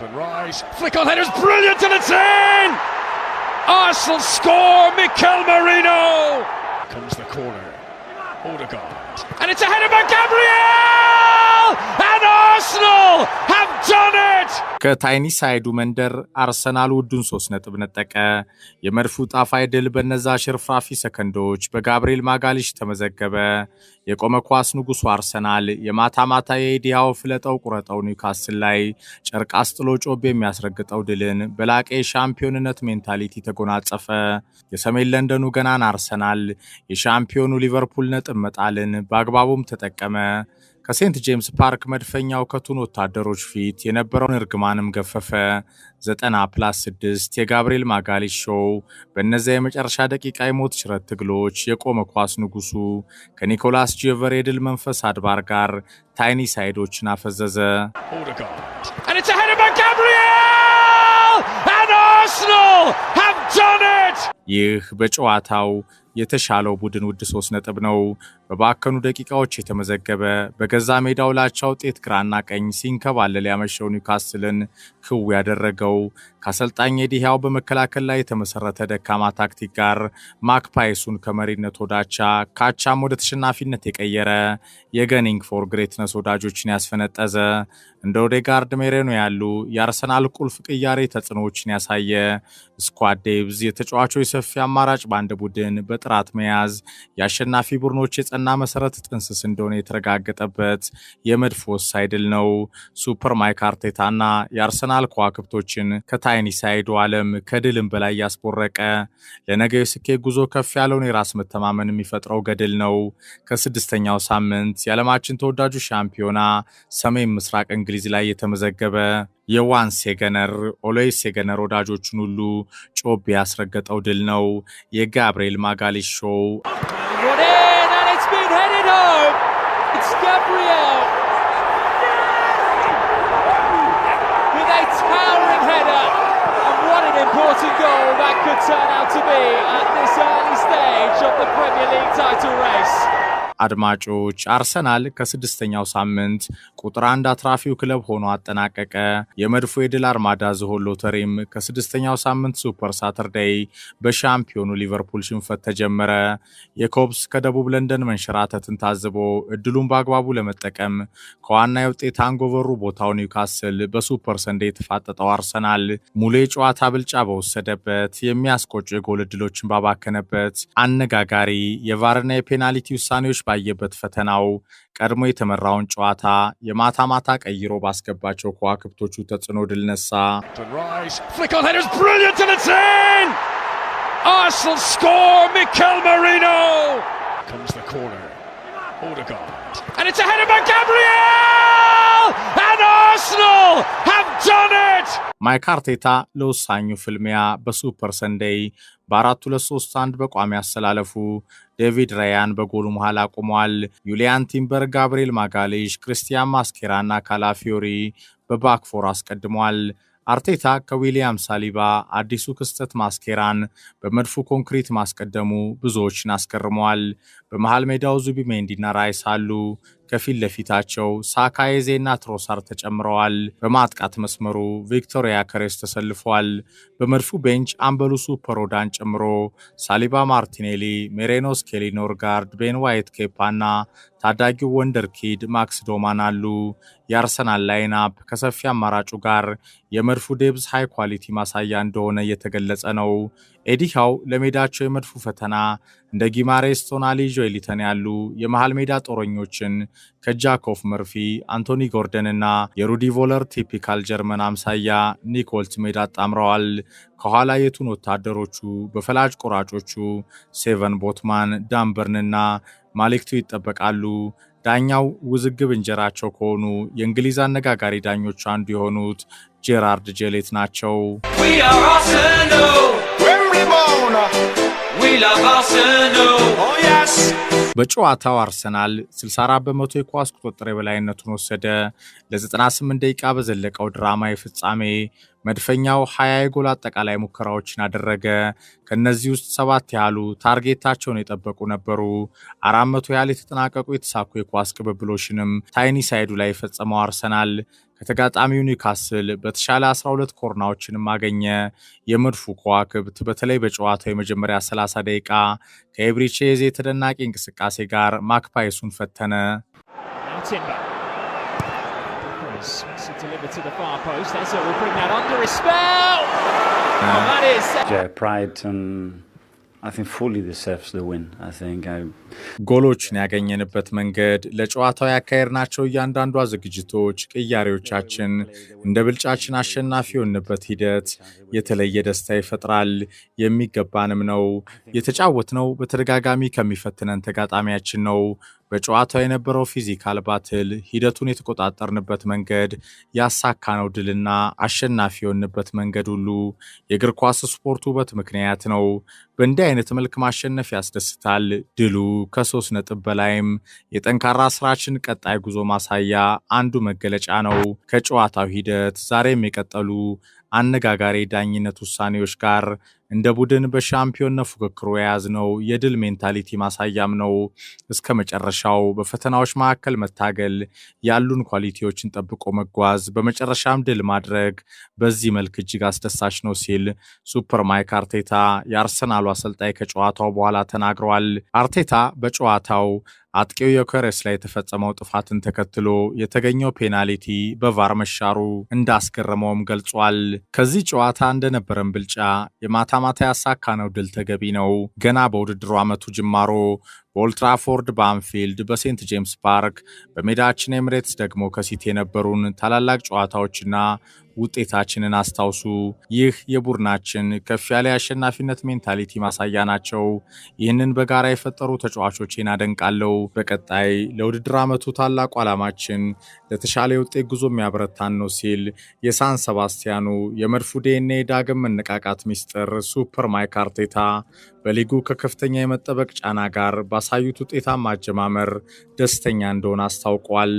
Declan Rice. Flick on headers, brilliant, and it's in! Arsenal score, Mikel Marino! Comes the corner, Odegaard. And it's a header by Gabriel! And Arsenal ከታይኒ ሳይዱ መንደር አርሰናል ውዱን ሶስት ነጥብ ነጠቀ። የመድፉ ጣፋይ ድል በነዛ ሽርፍራፊ ሰከንዶች በጋብርኤል ማጋሊሽ ተመዘገበ። የቆመ ኳስ ንጉሱ አርሰናል የማታ ማታ የኢዲያው ፍለጠው ቁረጠው ኒውካስል ላይ ጨርቅ አስጥሎ ጮቤ የሚያስረግጠው ድልን በላቀ የሻምፒዮንነት ሜንታሊቲ ተጎናጸፈ። የሰሜን ለንደኑ ገናን አርሰናል የሻምፒዮኑ ሊቨርፑል ነጥብ መጣልን በአግባቡም ተጠቀመ። ከሴንት ጄምስ ፓርክ መድፈኛው ከቱን ወታደሮች ፊት የነበረውን እርግማንም ገፈፈ። 90 ፕላስ 6 የጋብርኤል ማጋሊሽ ሾው በእነዚያ የመጨረሻ ደቂቃ የሞት ሽረት ትግሎች የቆመ ኳስ ንጉሱ ከኒኮላስ ጂቨር የድል መንፈስ አድባር ጋር ታይኒ ሳይዶችን አፈዘዘ። ይህ በጨዋታው የተሻለው ቡድን ውድ ሶስት ነጥብ ነው። በባከኑ ደቂቃዎች የተመዘገበ በገዛ ሜዳው ላቻ ውጤት ግራና ቀኝ ሲንከባለል ያመሸው ኒውካስልን ክው ያደረገው ከአሰልጣኝ ዲህያው በመከላከል ላይ የተመሰረተ ደካማ ታክቲክ ጋር ማክፓይሱን ከመሪነት ወዳቻ ካቻም ወደ ተሸናፊነት የቀየረ የገኒንግ ፎር ግሬትነስ ወዳጆችን ያስፈነጠዘ እንደ ኦዴጋርድ ሜሬኖ ያሉ የአርሰናል ቁልፍ ቅያሬ ተጽዕኖዎችን ያሳየ ስኳድ ዴቭዝ የተጫዋቾች ሰፊ አማራጭ በአንድ ቡድን ጥራት መያዝ የአሸናፊ ቡድኖች የጸና መሰረት ጥንስስ እንደሆነ የተረጋገጠበት የመድፎ ሳይድል ነው። ሱፐር ማይክ አርቴታና የአርሰናል ከዋክብቶችን ከታይኒ ሳይዱ ዓለም ከድልም በላይ ያስቦረቀ ለነገ የስኬት ጉዞ ከፍ ያለውን የራስ መተማመን የሚፈጥረው ገድል ነው። ከስድስተኛው ሳምንት የዓለማችን ተወዳጁ ሻምፒዮና ሰሜን ምስራቅ እንግሊዝ ላይ የተመዘገበ የዋንስ የገነር ኦሎይስ የገነር ወዳጆቹን ሁሉ ጮቤ ያስረገጠው ድል ነው። የጋብርኤል ማጋሊሽ ሾው አድማጮች አርሰናል ከስድስተኛው ሳምንት ቁጥር አንድ አትራፊው ክለብ ሆኖ አጠናቀቀ። የመድፎ የድል አርማዳ ዝሆን ሎተሪም ከስድስተኛው ሳምንት ሱፐር ሳተርዴይ በሻምፒዮኑ ሊቨርፑል ሽንፈት ተጀመረ። የኮብስ ከደቡብ ለንደን መንሸራተትን ታዝቦ እድሉን በአግባቡ ለመጠቀም ከዋና የውጤት አንጎቨሩ ቦታው ኒውካስል በሱፐር ሰንዴ የተፋጠጠው አርሰናል ሙሉ የጨዋታ ብልጫ በወሰደበት የሚያስቆጩ የጎል እድሎችን ባባከነበት አነጋጋሪ የቫርና የፔናልቲ ውሳኔዎች ባየበት ፈተናው ቀድሞ የተመራውን ጨዋታ የማታ ማታ ቀይሮ ባስገባቸው ከዋክብቶቹ ተጽዕኖ ድል ነሳ። ማይክ አርቴታ ለወሳኙ ፍልሚያ በሱፐር ሰንደይ በአራት ሁለት ሶስት አንድ በቋሚ አስተላለፉ ዴቪድ ራያን በጎሉ መሃል አቁሟል። ዩሊያን ቲምበር፣ ጋብሪኤል ማጋሌሽ፣ ክርስቲያን ማስኬራ እና ካላፊዮሪ በባክፎር አስቀድሟል። አርቴታ ከዊሊያም ሳሊባ አዲሱ ክስተት ማስኬራን በመድፉ ኮንክሪት ማስቀደሙ ብዙዎችን አስገርመዋል። በመሃል ሜዳው ዙቢሜንዲና ራይስ አሉ። ከፊት ለፊታቸው ሳካ፣ እና ትሮሳር ተጨምረዋል። በማጥቃት መስመሩ ቪክቶሪያ ከሬስ ተሰልፏል። በመድፉ ቤንች አምበሉሱ ፐሮዳን ጨምሮ ሳሊባ፣ ማርቲኔሊ፣ ሜሬኖ፣ ስኬሊ፣ ኖርጋርድ፣ ቤን ዋይት፣ ታዳጊው ወንደር ኪድ ማክስ ዶማን አሉ። የአርሰናል ላይናፕ ከሰፊ አማራጩ ጋር የመድፉ ዴብዝ ሃይ ኳሊቲ ማሳያ እንደሆነ እየተገለጸ ነው። ኤዲሃው ለሜዳቸው የመድፉ ፈተና እንደ ጊማሬስ፣ ቶናሊ፣ ጆይሊተን ያሉ የመሃል ሜዳ ጦረኞችን ከጃኮፍ መርፊ፣ አንቶኒ ጎርደንና የሩዲ ቮለር ቲፒካል ጀርመን አምሳያ ኒኮልት ሜዳ አጣምረዋል። ከኋላ የቱን ወታደሮቹ በፈላጭ ቆራጮቹ ሴቨን ቦትማን ዳምበርንና ማሌክቱ ይጠበቃሉ። ዳኛው ውዝግብ እንጀራቸው ከሆኑ የእንግሊዝ አነጋጋሪ ዳኞች አንዱ የሆኑት ጄራርድ ጄሌት ናቸው። uh, oh, በጨዋታው አርሰናል 64 በመቶ የኳስ ቁጥጥር የበላይነቱን ወሰደ። ለ98 ደቂቃ በዘለቀው ድራማ የፍጻሜ መድፈኛው ሀያ የጎል አጠቃላይ ሙከራዎችን አደረገ። ከእነዚህ ውስጥ ሰባት ያህሉ ታርጌታቸውን የጠበቁ ነበሩ። አራት መቶ ያህል የተጠናቀቁ የተሳኩ የኳስ ቅብብሎችንም ታይኒ ሳይዱ ላይ የፈጸመው አርሰናል ከተጋጣሚው ኒውካስል በተሻለ 12 ኮርናዎችንም አገኘ። የመድፉ ከዋክብት በተለይ በጨዋታው የመጀመሪያ 30 ደቂቃ ከኤብሪቼዝ ተደናቂ እንቅስቃሴ ጋር ማክፓይሱን ፈተነ። Rogers wants it to the far post. Ezra will bring that under his spell. Yeah. Uh, oh, that is. Yeah, pride. Um... ጎሎችን ያገኘንበት መንገድ ለጨዋታው ናቸው። እያንዳንዷ ዝግጅቶች፣ ቅያሬዎቻችን፣ እንደ ብልጫችን አሸናፊ የሆንበት ሂደት የተለየ ደስታ ይፈጥራል። የሚገባንም ነው። የተጫወትነው በተደጋጋሚ ከሚፈትነን ተጋጣሚያችን ነው። በጨዋታው የነበረው ፊዚካል ባትል ሂደቱን የተቆጣጠርንበት መንገድ፣ ያሳካነው ድልና አሸናፊ የሆንበት መንገድ ሁሉ የእግር ኳስ ስፖርት ውበት ምክንያት ነው። በእንዲህ አይነት መልክ ማሸነፍ ያስደስታል። ድሉ ከሶስት ነጥብ በላይም የጠንካራ ስራችን ቀጣይ ጉዞ ማሳያ አንዱ መገለጫ ነው። ከጨዋታው ሂደት ዛሬም የቀጠሉ አነጋጋሪ ዳኝነት ውሳኔዎች ጋር እንደ ቡድን በሻምፒዮንነት ፉክክሩ የያዝነው የድል ሜንታሊቲ ማሳያም ነው። እስከ መጨረሻው በፈተናዎች መካከል መታገል፣ ያሉን ኳሊቲዎችን ጠብቆ መጓዝ፣ በመጨረሻም ድል ማድረግ በዚህ መልክ እጅግ አስደሳች ነው ሲል ሱፐር ማይክ አርቴታ የአርሰናሉ አሰልጣኝ ከጨዋታው በኋላ ተናግረዋል። አርቴታ በጨዋታው አጥቂው የኮሬስ ላይ የተፈጸመው ጥፋትን ተከትሎ የተገኘው ፔናልቲ በቫር መሻሩ እንዳስገረመውም ገልጿል። ከዚህ ጨዋታ እንደነበረን ብልጫ የማታ ማታ ያሳካነው ድል ተገቢ ነው። ገና በውድድሩ ዓመቱ ጅማሮ በኦልትራፎርድ በአንፊልድ በሴንት ጄምስ ፓርክ በሜዳችን ኤምሬትስ ደግሞ ከሲቲ የነበሩን ታላላቅ ጨዋታዎችና ውጤታችንን አስታውሱ። ይህ የቡድናችን ከፍ ያለ የአሸናፊነት ሜንታሊቲ ማሳያ ናቸው። ይህንን በጋራ የፈጠሩ ተጫዋቾቼን አደንቃለሁ። በቀጣይ ለውድድር ዓመቱ ታላቁ ዓላማችን ለተሻለ የውጤት ጉዞ የሚያበረታን ነው ሲል የሳን ሰባስቲያኑ የመድፉ ዴኔ ዳግም መነቃቃት ሚስጥር ሱፐር ማይክ አርቴታ በሊጉ ከከፍተኛ የመጠበቅ ጫና ጋር ባሳዩት ውጤታማ አጀማመር ደስተኛ እንደሆነ አስታውቀዋል።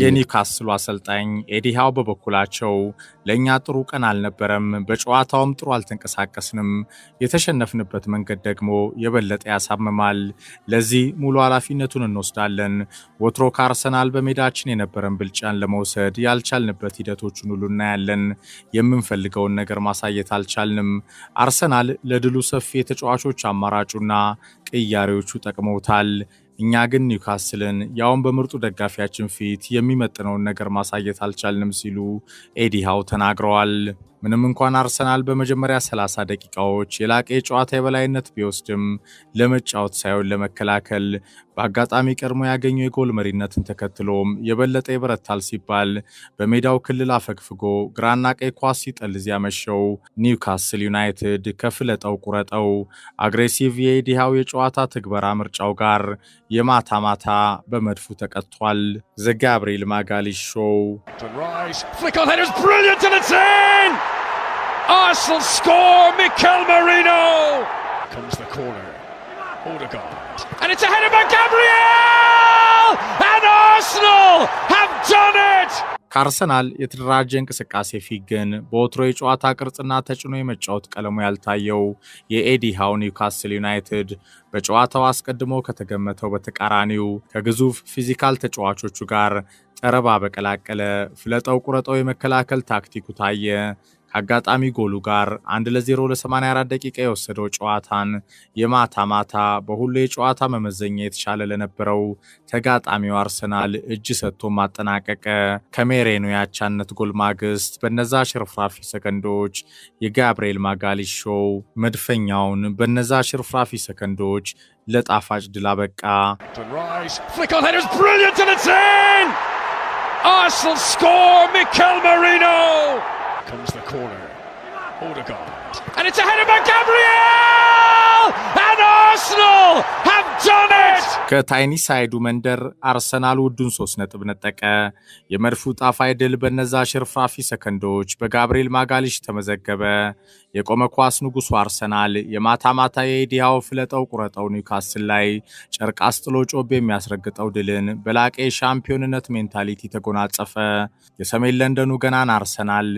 የኒውካስሉ አሰልጣኝ ኤዲሃው በበኩላቸው ለእኛ ጥሩ ቀን አልነበረም፣ በጨዋታውም ጥሩ አልተንቀሳቀስንም። የተሸነፍንበት መንገድ ደግሞ የበለጠ ያሳምማል። ለዚህ ሙሉ ኃላፊነቱን እንወስዳለን። ወትሮ ከአርሰናል በሜዳችን የነበረን ብልጫን ለመውሰድ ያልቻልንበት ሂደቶችን ሁሉ እናያለን። የምንፈልገውን ነገር ማሳየት አልቻልንም። አርሰናል ለድሉ ሰፊ የተጫዋቾች አማራጩና ቅያሬዎቹ ጠቅመውታል። እኛ ግን ኒውካስልን ያውን በምርጡ ደጋፊያችን ፊት የሚመጥነውን ነገር ማሳየት አልቻልንም ሲሉ ኤዲሃው ተናግረዋል። ምንም እንኳን አርሰናል በመጀመሪያ 30 ደቂቃዎች የላቀ የጨዋታ የበላይነት ቢወስድም ለመጫወት ሳይሆን ለመከላከል በአጋጣሚ ቀድሞ ያገኘው የጎል መሪነትን ተከትሎም የበለጠ ይበረታል ሲባል በሜዳው ክልል አፈግፍጎ ግራና ቀይ ኳስ ሲጠልዝ ያመሸው ኒውካስል ዩናይትድ ከፍለጠው ቁረጠው አግሬሲቭ የኢዲሃው የጨዋታ ትግበራ ምርጫው ጋር የማታ ማታ በመድፉ ተቀጥቷል። ዘ ጋብሪኤል ማጋሊሽ ሾው Arsenal score! Mikel Merino! Comes the corner. Odegaard. And it's ahead of by Gabriel! And Arsenal have done it! ከአርሰናል የተደራጀ እንቅስቃሴ ፊት ግን በወትሮ የጨዋታ ቅርጽና ተጭኖ የመጫወት ቀለሙ ያልታየው የኤዲሃው ኒውካስል ዩናይትድ በጨዋታው አስቀድሞ ከተገመተው በተቃራኒው ከግዙፍ ፊዚካል ተጫዋቾቹ ጋር ጠረባ በቀላቀለ ፍለጠው ቁረጠው የመከላከል ታክቲኩ ታየ። ከአጋጣሚ ጎሉ ጋር አንድ ለዜሮ ለ84 ደቂቃ የወሰደው ጨዋታን የማታ ማታ በሁሉ የጨዋታ መመዘኛ የተሻለ ለነበረው ተጋጣሚው አርሰናል እጅ ሰጥቶ ማጠናቀቀ። ከሜሬኑ ያቻነት ጎል ማግስት በነዛ ሽርፍራፊ ሰከንዶች የጋብርኤል ማጋሊሽ ሾው መድፈኛውን በነዛ ሽርፍራፊ ሰከንዶች ለጣፋጭ ድል አበቃ። comes the corner. Odegaard. And it's a of by Gabriel! And Arsenal have done ከታይኒ ሳይዱ መንደር አርሰናል ውዱን ሶስት ነጥብ ነጠቀ። የመድፉ ጣፋይ ድል በነዛ ሽርፍራፊ ሰከንዶች በጋብርኤል ማጋሊሽ ተመዘገበ። የቆመ ኳስ ንጉሱ አርሰናል የማታ ማታ የኢዲያው ፍለጠው ቁረጠው ኒውካስል ላይ ጨርቅ አስጥሎ ጮቤ የሚያስረግጠው ድልን በላቀ የሻምፒዮንነት ሜንታሊቲ ተጎናጸፈ። የሰሜን ለንደኑ ገናን አርሰናል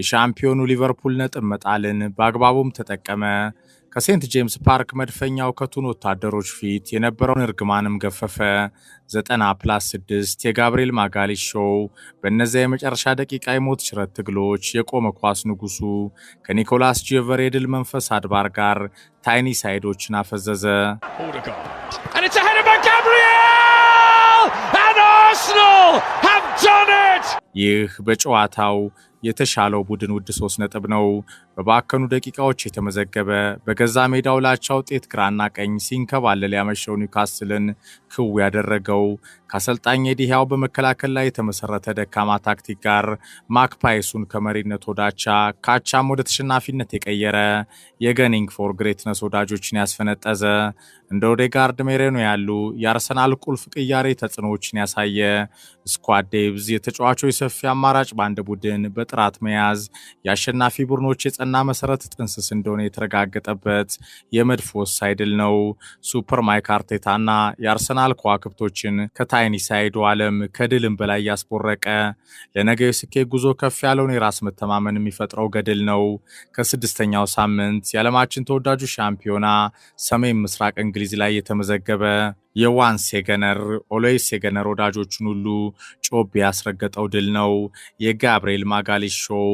የሻምፒዮኑ ሊቨርፑል ነጥብ መጣልን በአግባቡም ተጠቀመ። ከሴንት ጄምስ ፓርክ መድፈኛው ከቱን ወታደሮች ፊት የነበረውን እርግማንም ገፈፈ። ዘጠና ፕላስ 6 የጋብርኤል ማጋሊሽ ሾው በእነዚያ የመጨረሻ ደቂቃ የሞት ችረት ትግሎች የቆመ ኳስ ንጉሱ ከኒኮላስ ጄቨር የድል መንፈስ አድባር ጋር ታይኒ ሳይዶችን አፈዘዘ። oh ይህ በጨዋታው የተሻለው ቡድን ውድ ሶስት ነጥብ ነው። በባከኑ ደቂቃዎች የተመዘገበ በገዛ ሜዳው ላቻ ውጤት ግራና ቀኝ ሲንከባለል ያመሸው ኒውካስልን ክው ያደረገው ከአሰልጣኝ ዲህያው በመከላከል ላይ የተመሰረተ ደካማ ታክቲክ ጋር ማክፓይሱን ከመሪነት ወዳቻ ካቻም ወደ ተሸናፊነት የቀየረ የገኒንግ ፎር ግሬትነስ ወዳጆችን ያስፈነጠዘ እንደ ኦዴጋርድ ሜሬኖ ያሉ የአርሰናል ቁልፍ ቅያሬ ተጽዕኖዎችን ያሳየ ስኳድ ዴብዝ የተጫዋቾች ሰፊ አማራጭ በአንድ ቡድን በጥራት መያዝ የአሸናፊ ቡድኖች የጸና መሰረት ጥንስስ እንደሆነ የተረጋገጠበት የመድፎ ሳይድል ነው። ሱፐር ማይክ አርቴታና የአርሰናል ከዋክብቶችን ሳይዱ ዓለም ከድልም በላይ ያስቦረቀ ለነገ የስኬት ጉዞ ከፍ ያለውን የራስ መተማመን የሚፈጥረው ገድል ነው። ከስድስተኛው ሳምንት የዓለማችን ተወዳጁ ሻምፒዮና ሰሜን ምስራቅ እንግሊዝ ላይ የተመዘገበ የዋን ሴገነር ኦሎይ ሴገነር ወዳጆቹን ሁሉ ጮቤ ያስረገጠው ድል ነው። የጋብርኤል ማጋሊሽ ሾው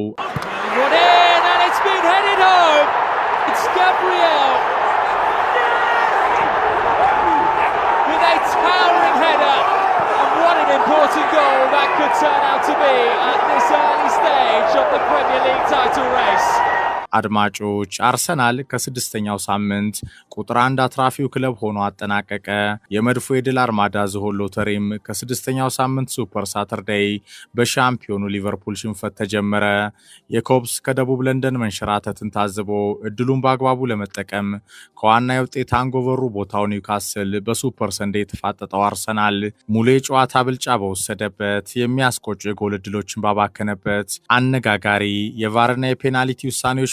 Could turn out to be at this early stage of the Premier League title race. አድማጮች አርሰናል ከስድስተኛው ሳምንት ቁጥር አንድ አትራፊው ክለብ ሆኖ አጠናቀቀ። የመድፎ የድል አርማዳ ዝሆን ሎተሪም ከስድስተኛው ሳምንት ሱፐር ሳተርዳይ በሻምፒዮኑ ሊቨርፑል ሽንፈት ተጀመረ። የኮብስ ከደቡብ ለንደን መንሸራተትን ታዝቦ እድሉን በአግባቡ ለመጠቀም ከዋና የውጤት አንጎቨሩ ቦታው ኒውካስል በሱፐር ሰንዴ የተፋጠጠው አርሰናል ሙሉ የጨዋታ ብልጫ በወሰደበት የሚያስቆጩ የጎል እድሎችን ባባከነበት አነጋጋሪ የቫርና የፔናልቲ ውሳኔዎች